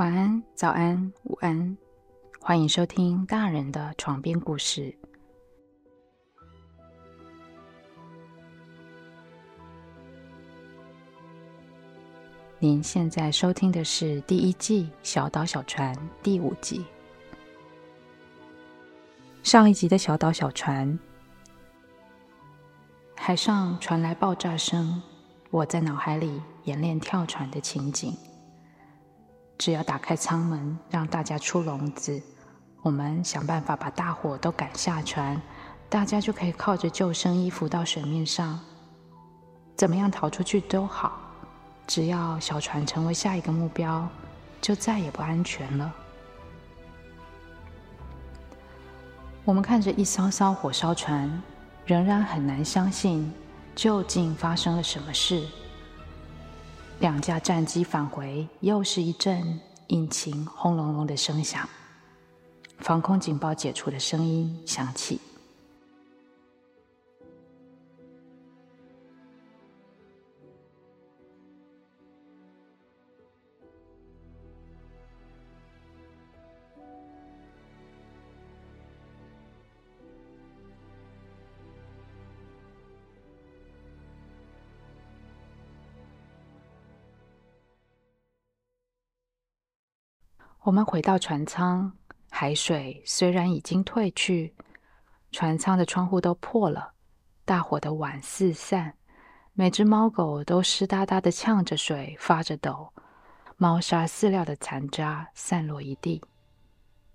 晚安，早安，午安，歡迎收聽《大人的床邊故事》。您現在收聽的是第一季《小島小船》第五集。上一集的《小島小船》，海上傳來爆炸聲，我在腦海裡演練跳船的情景。只要打開艙門，讓大家出籠子，我們想辦法把大夥都趕下船，大家就可以靠着救生衣浮到水面上。怎麼樣逃出去都好，只要小船成為下一個目標，就再也不安全了。我們看着一艘艘火燒船，仍然很難相信，究竟發生了什麼事。兩架戰機返回，又是一陣引擎轟隆隆的聲響，防空警報解除的聲音響起。我們回到船艙，海水雖然已經退去，船艙的窗戶都破了，大夥的碗四散，每隻貓狗都濕噠噠的嗆着水，發着抖，貓砂、飼料的殘渣散落一地，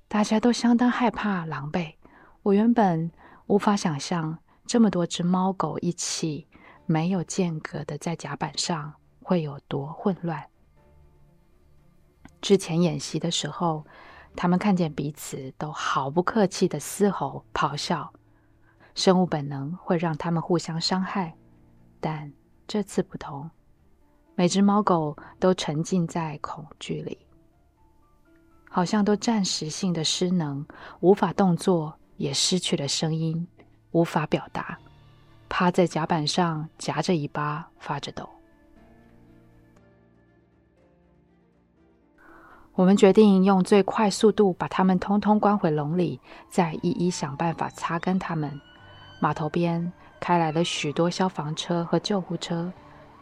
大家都相當害怕、狼狽。我原本無法想象這麼多隻貓狗一起沒有間隔的在甲板上會有多混亂。之前演習的時候，他們看見彼此都毫不客氣地嘶吼、咆哮，生物本能會讓他們互相傷害。但這次不同，每隻貓狗都沉浸在恐懼裡，好像都暫時性的失能，無法動作，也失去了聲音，無法表達，趴在甲板上夾着尾巴發着抖。我們決定用最快速度把它們通通關回籠裡，再一一想辦法擦乾它們。碼頭邊開來了許多消防車和救護車，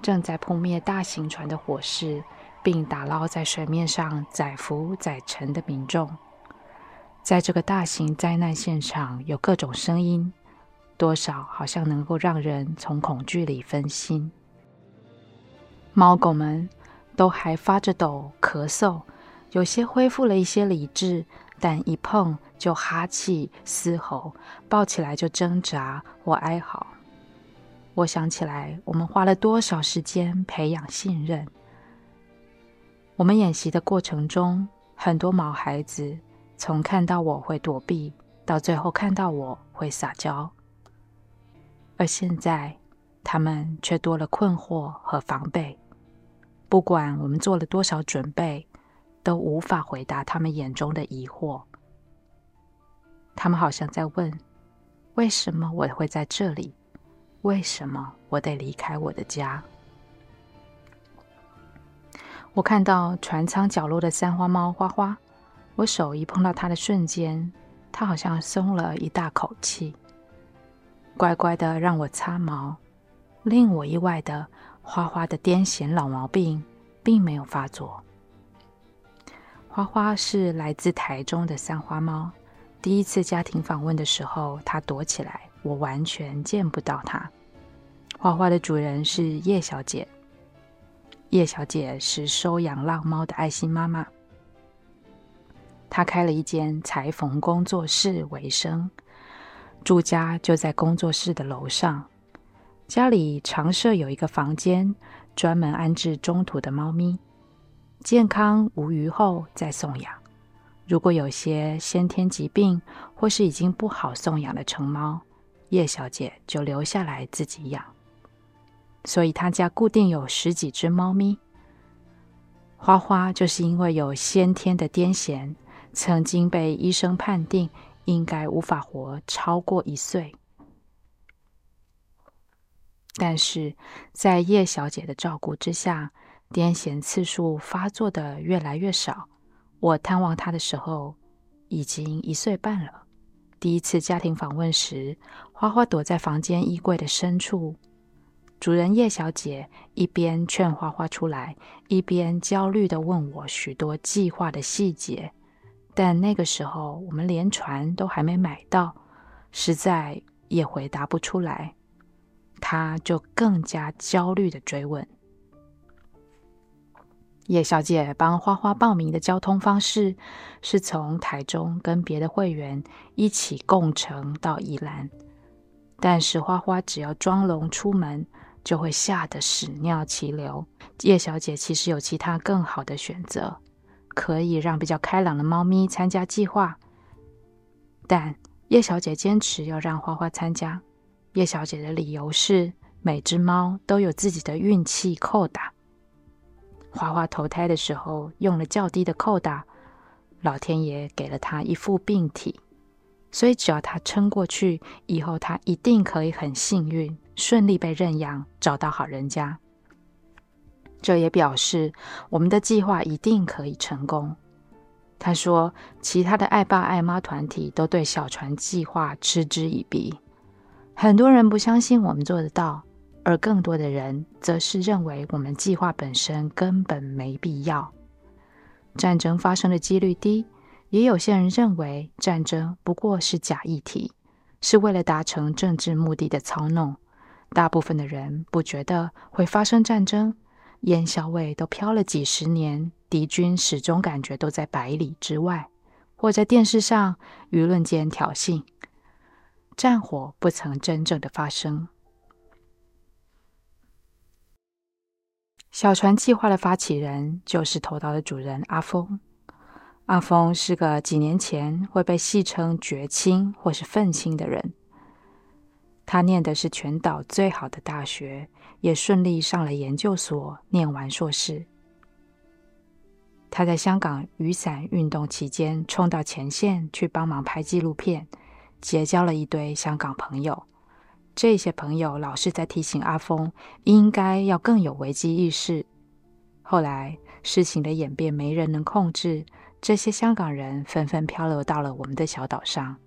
正在撲滅大型船的火勢，並打撈在水面上載浮載沉的民眾。在這個大型災難現場，有各種聲音，多少好像能夠讓人從恐懼裡分心。貓狗們都還發着抖，咳嗽。有些恢復了一些理智，但一碰就哈氣、嘶吼，抱起來就掙扎或哀嚎。我想起來，我們花了多少時間培養信任。我們演習的過程中，很多毛孩子從看到我會躲避，到最後看到我會撒嬌。而現在，他們卻多了困惑和防備。不管我們做了多少準備，都無法回答他們眼中的疑惑。他們好像在問：“為什麼我會在這裡？為什麼我得離開我的家？”我看到船艙角落的三花貓花花，我手一碰到它的瞬間，它好像鬆了一大口氣，乖乖的讓我擦毛。令我意外的，花花的癲癇老毛病並沒有發作。花花是來自台中的三花貓。第一次家庭訪問的時候，它躲起來，我完全見不到它。花花的主人是葉小姐。葉小姐是收養浪貓的愛心媽媽。她開了一間裁縫工作室為生，住家就在工作室的樓上。家裡常設有一個房間，專門安置中途的貓咪，健康無虞後再送養。如果有些先天疾病或是已經不好送養的成貓，葉小姐就留下來自己養。所以她家固定有十幾隻貓咪。花花就是因為有先天的癲癇，曾經被醫生判定應該無法活超過一歲，但是在葉小姐的照顧之下，癲癇次數發作的越來越少。我探望他的時候，已經一歲半了。第一次家庭訪問時，花花躲在房間衣櫃的深處。主人葉小姐一邊勸花花出來，一邊焦慮地問我許多計劃的細節。但那個時候，我們連船都還沒買到，實在也回答不出來。她就更加焦慮地追問。葉小姐幫花花報名的交通方式是從台中跟別的會員一起共乘到宜蘭，但是花花只要裝籠，出門就會嚇得屎尿齊流。葉小姐其實有其他更好的選擇，可以讓比較開朗的貓咪參加計劃，但葉小姐堅持要讓花花參加。葉小姐的理由是，每只貓都有自己的運氣扣打。花花投胎的時候用了較低的扣打，老天爺給了他一副病體，所以只要他撐過去，以後他一定可以很幸運，順利被認養，找到好人家。這也表示我們的計劃一定可以成功。他說，其他的愛爸愛媽團體都對小船計劃嗤之以鼻，很多人不相信我們做得到。而更多的人則是認為，我們計劃本身根本沒必要。戰爭發生的幾率低，也有些人認為戰爭不過是假議題，是為了達成政治目的的操弄。大部分的人不覺得會發生戰爭，煙硝味都飄了幾十年，敵軍始終感覺都在百里之外，或在電視上輿論間挑釁。戰火不曾真正的發生。小船計劃的發起人就是頭島的主人阿峰。阿峰是個幾年前會被戲稱“絕青”或是“憤青”的人。他念的是全島最好的大學，也順利上了研究所，念完碩士。他在香港雨傘運動期間，衝到前線去幫忙拍紀錄片，結交了一堆香港朋友。這些朋友老是在提醒阿峰，應該要更有危機意識。後來事情的演變沒人能控制，這些香港人紛紛漂流到了我們的小島上。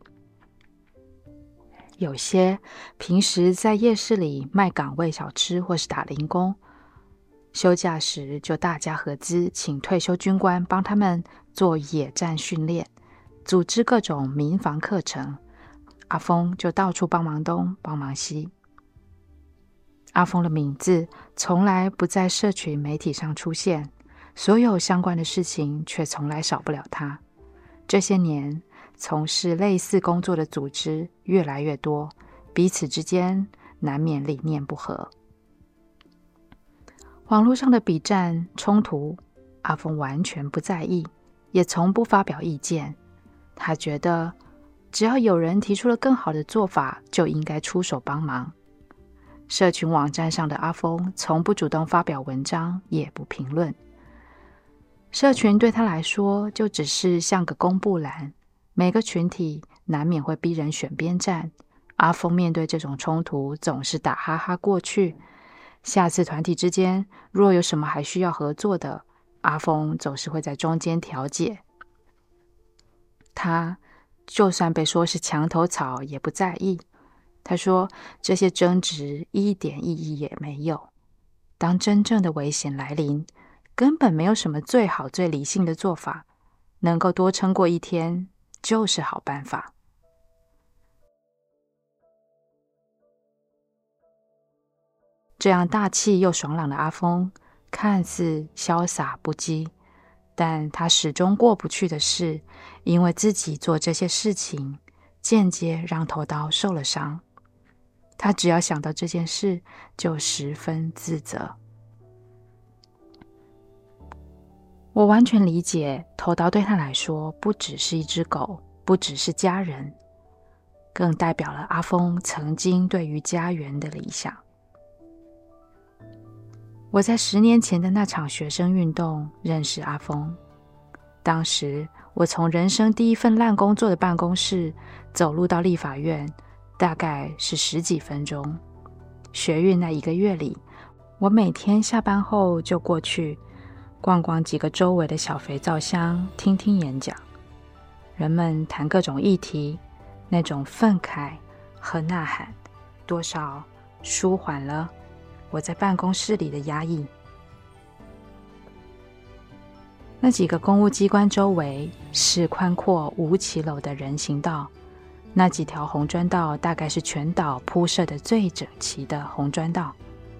有些平時在夜市裡賣港味小吃或是打零工，休假時就大家合資請退休軍官幫他們做野戰訓練，組織各種民防課程。阿峰就到處幫忙東幫忙西。阿峰的名字從來不在社群媒體上出現，所有相關的事情卻從來少不了他。這些年從事類似工作的組織越來越多，彼此之間難免理念不合。網絡上的筆戰衝突，阿峰完全不在意，也從不發表意見。他覺得。只要有人提出了更好的做法，就應該出手幫忙。社群網站上的阿峰從不主動發表文章，也不評論。社群對他來說就只是像個公布欄。每個群體難免會逼人選邊站，阿峰面對這種衝突總是打哈哈過去。下次團體之間若有什麼還需要合作的，阿峰總是會在中間調解。他。就算被說是牆頭草，也不在意。他說：“這些爭執一點意義也沒有。當真正的危險來臨，根本沒有什麼最好、最理性的做法，能夠多撐過一天就是好辦法。”這樣大氣又爽朗的阿峰，看似瀟灑不羈。但他始終過不去的是，因為自己做這些事情，間接讓頭刀受了傷。他只要想到這件事，就十分自責。我完全理解，頭刀對他來說，不只是一只狗，不只是家人，更代表了阿峰曾經對於家園的理想。我在十年前的那場學生運動認識阿峰。當時我從人生第一份爛工作的辦公室走路到立法院，大概是十幾分鐘。學運那一個月裡，我每天下班後就過去逛逛幾個周圍的小肥皂箱，聽聽演講。人們談各種議題，那種憤慨和吶喊，多少舒緩了。我在辦公室裡的壓抑。那幾個公務機關周圍是寬闊無騎樓的人行道，那幾條紅磚道大概是全島鋪設的最整齊的紅磚道。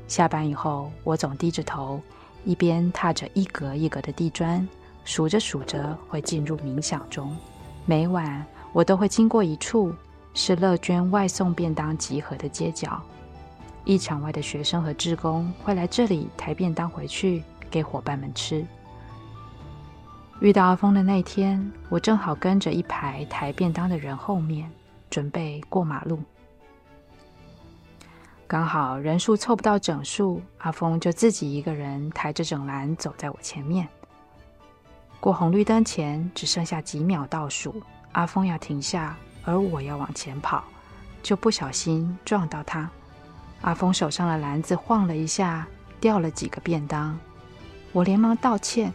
下班以後，我總低着頭，一邊踏着一格一格的地磚，數着數着會進入冥想中。每晚我都會經過一處是樂捐外送便當集合的街角。議場外的學生和職工會來這裡抬便當回去給伙伴們吃。遇到阿峰的那天，我正好跟着一排抬便當的人後面，準備過馬路。剛好人數湊不到整數，阿峰就自己一個人抬着整籃走在我前面。過紅綠燈前只剩下幾秒倒數，阿峰要停下，而我要往前跑，就不小心撞到他。阿峰手上的籃子晃了一下，掉了幾個便當。我連忙道歉，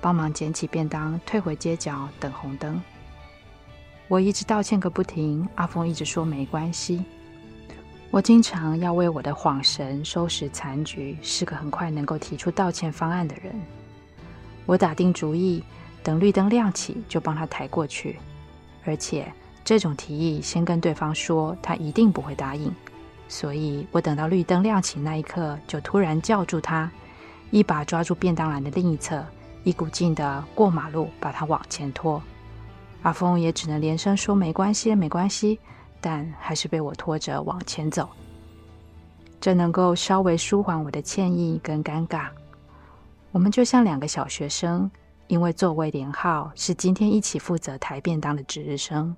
幫忙撿起便當，退回街角等紅燈。我一直道歉個不停，阿峰一直說沒關係。我經常要為我的恍神收拾殘局，是個很快能夠提出道歉方案的人。我打定主意，等綠燈亮起就幫他抬過去，而且這種提議先跟對方說，他一定不會答應。所以我等到綠燈亮起那一刻，就突然叫住他，一把抓住便當欄的另一側，一股勁的過馬路，把他往前拖。阿峰也只能連聲說“沒關係，沒關係”，但還是被我拖着往前走。這能夠稍微舒緩我的歉意跟尷尬。我們就像兩個小學生，因為座位連號，是今天一起負責抬便當的值日生。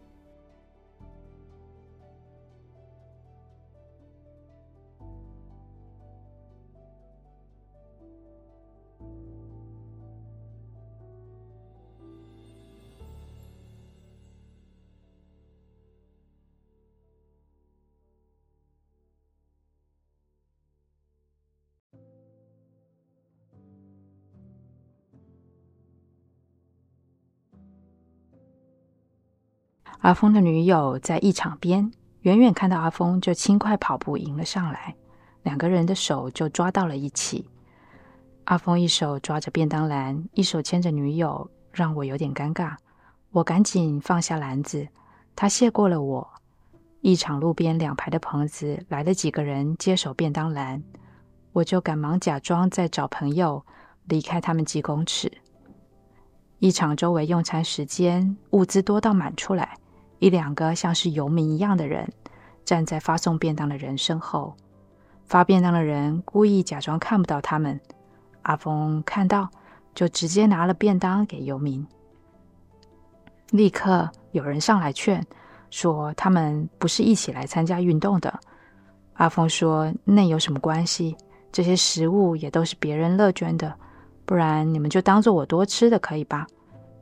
阿峰的女友在議場邊，遠遠看到阿峰就輕快跑步迎了上來，兩個人的手就抓到了一起。阿峰一手抓着便當籃，一手牽着女友，讓我有點尷尬。我趕緊放下籃子，他謝過了我。議場路邊兩排的棚子來了幾個人接手便當籃，我就趕忙假裝在找朋友，離開他們幾公尺。議場周圍用餐時間，物資多到滿出來。一兩個像是遊民一樣的人，站在發送便當的人身後。發便當的人故意假裝看不到他們。阿峰看到，就直接拿了便當給遊民。立刻有人上來勸，說他們不是一起來參加運動的。阿峰說：“那有什麼關係？這些食物也都是別人樂捐的，不然你們就當做我多吃的，可以吧？”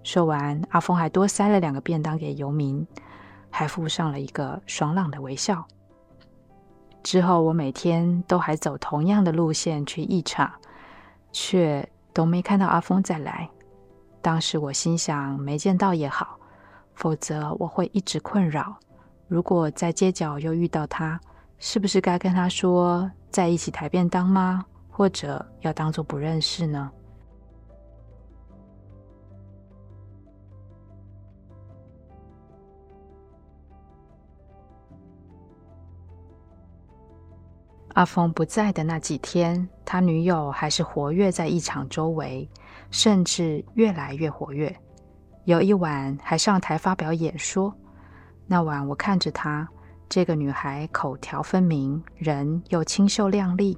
說完，阿峰還多塞了兩個便當給遊民，還附上了一個爽朗的微笑。之後，我每天都還走同樣的路線去義場，卻都沒看到阿峰再來。當時我心想，沒見到也好，否則我會一直困擾。如果在街角又遇到他，是不是該跟他說在一起抬便當嗎？或者要當作不認識呢？阿峰不在的那幾天，他女友還是活躍在議場周圍，甚至越來越活躍。有一晚還上台發表演說。那晚我看着她，這個女孩口條分明，人又清秀靚麗。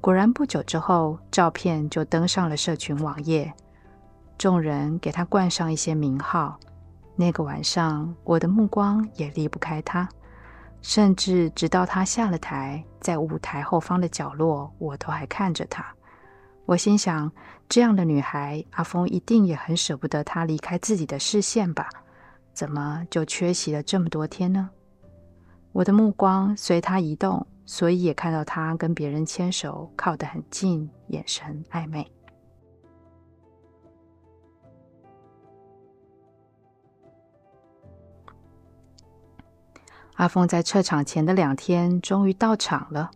果然不久之後，照片就登上了社群網頁，眾人給她冠上一些名號。那個晚上，我的目光也離不開她。甚至直到他下了台，在舞台後方的角落，我都還看着他。我心想，這樣的女孩，阿峰一定也很舍不得她離開自己的視線吧？怎麼就缺席了這麼多天呢？我的目光隨他移動，所以也看到他跟別人牽手，靠得很近，眼神曖昧。阿峰在撤場前的兩天終於到場了。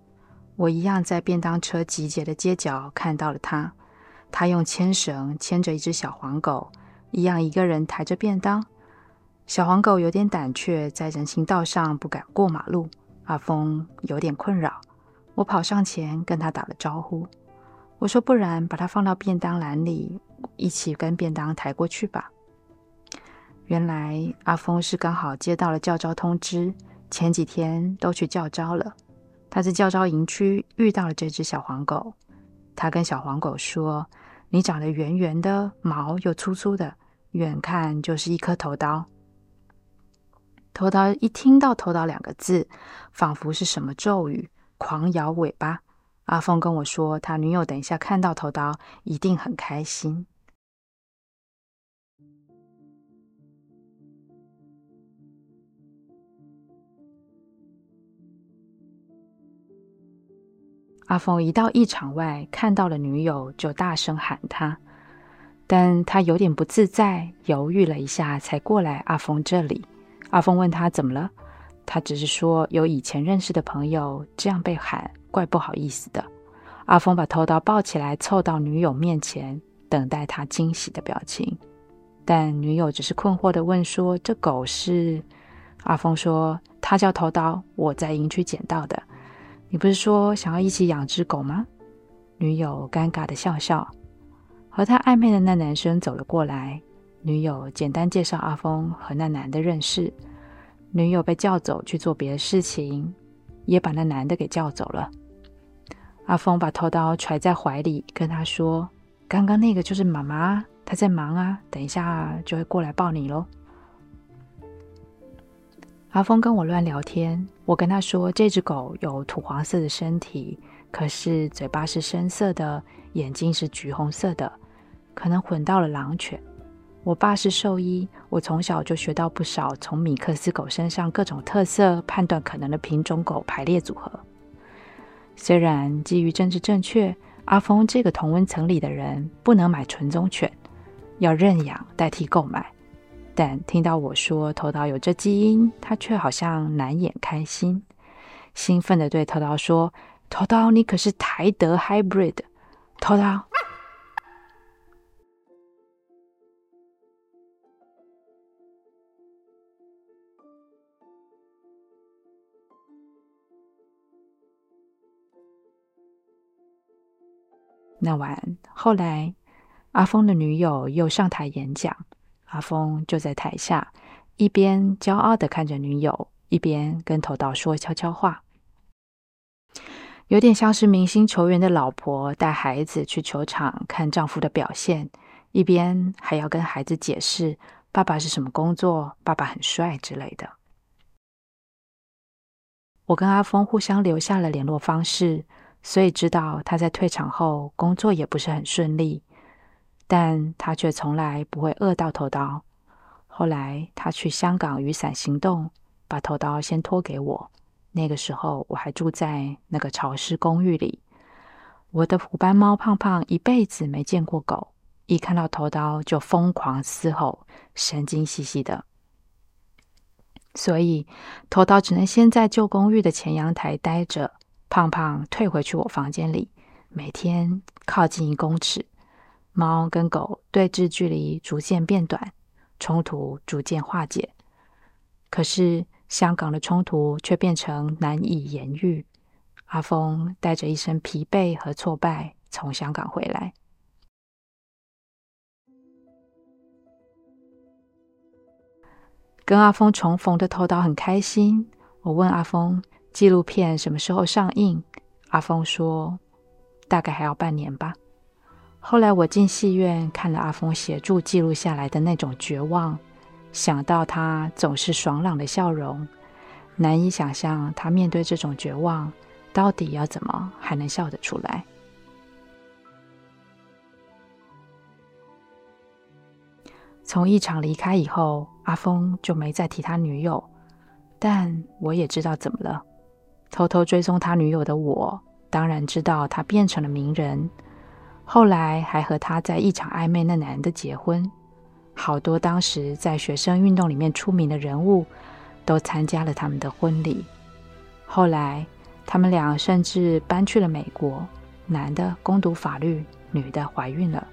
我一樣在便當車集結的街角看到了他。他用牽繩牽着一隻小黃狗，一樣一個人抬着便當。小黃狗有點膽怯，在人行道上不敢過馬路。阿峰有點困擾。我跑上前跟他打了招呼，我說：“不然把它放到便當籃裡，一起跟便當抬過去吧。”原來阿峰是剛好接到了教召通知。前幾天都去教召了，他在教召營區遇到了這只小黃狗。他跟小黃狗說：“你長得圓圓的，毛又粗粗的，遠看就是一顆頭刀。”頭刀一聽到“頭刀”兩個字，仿佛是什麼咒語，狂搖尾巴。阿峰跟我說，他女友等一下看到頭刀一定很開心。阿峰一到異場外，看到了女友，就大聲喊她。但她有點不自在，猶豫了一下，才過來阿峰這裡。阿峰問她怎麼了，她只是說有以前認識的朋友，這樣被喊，怪不好意思的。阿峰把頭刀抱起來，湊到女友面前，等待她驚喜的表情。但女友只是困惑地問說：“這狗是？”阿峰說：“他叫頭刀，我在營區撿到的。”你不是說想要一起養隻狗嗎？女友尷尬的笑笑，和她曖昧的那男生走了過來。女友簡單介紹阿峰和那男的認識。女友被叫走去做別的事情，也把那男的給叫走了。阿峰把頭刀揣在懷裡，跟她說：“剛剛那個就是媽媽，她在忙啊，等一下就會過來抱你咯阿峰跟我亂聊天，我跟他說，這隻狗有土黃色的身體，可是嘴巴是深色的，眼睛是橘紅色的，可能混到了狼犬。我爸是獸醫，我從小就學到不少，從米克斯狗身上各種特色判斷可能的品種狗排列組合。雖然基於政治正確，阿峰這個同溫層裡的人不能買純種犬，要認養代替購買。但聽到我說“頭刀有這基因”，他卻好像難掩開心，興奮地對頭刀說：“頭刀，你可是台德 hybrid。”頭刀。啊、那晚，後來，阿峰的女友又上台演講。阿峰就在台下，一邊驕傲地看着女友，一邊跟頭道說悄悄話，有點像是明星球員的老婆帶孩子去球場看丈夫的表現，一邊還要跟孩子解釋爸爸是什麼工作，爸爸很帥之類的。我跟阿峰互相留下了聯絡方式，所以知道他在退場後工作也不是很順利。但他卻從來不會餓到頭刀。後來他去香港雨傘行動，把頭刀先託給我。那個時候我還住在那個潮濕公寓裡，我的虎斑貓胖胖一輩子沒見過狗，一看到頭刀就瘋狂嘶吼，神經兮兮的。所以頭刀只能先在舊公寓的前陽台待着，胖胖退回去我房間裡，每天靠近一公尺。貓跟狗對峙距離逐漸變短，衝突逐漸化解。可是香港的衝突卻變成難以言喻。阿峰帶着一身疲憊和挫敗從香港回來，跟阿峰重逢的頭島很開心。我問阿峰紀錄片什麼時候上映，阿峰說大概還要半年吧。後來我進戲院看了阿峰協助記錄下來的那種絕望，想到他總是爽朗的笑容，難以想象他面對這種絕望到底要怎麼還能笑得出來？從一場離開以後，阿峰就沒再提他女友，但我也知道怎麼了。偷偷追蹤他女友的我，當然知道他變成了名人。後來還和他在一場曖昧，那男的結婚。好多當時在學生運動裡面出名的人物，都參加了他們的婚禮。後來他們倆甚至搬去了美國，男的攻讀法律，女的懷孕了。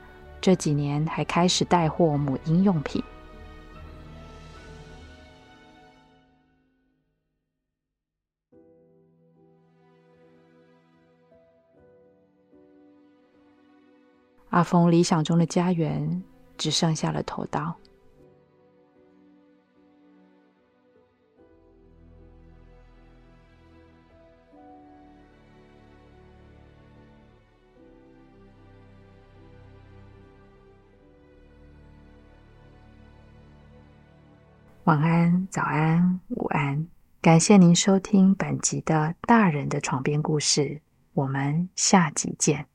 這幾年還開始帶貨母嬰用品。阿峰理想中的家園，只剩下了頭刀。晚安，早安，午安，感謝您收聽本集的大人的床邊故事，我們下集見。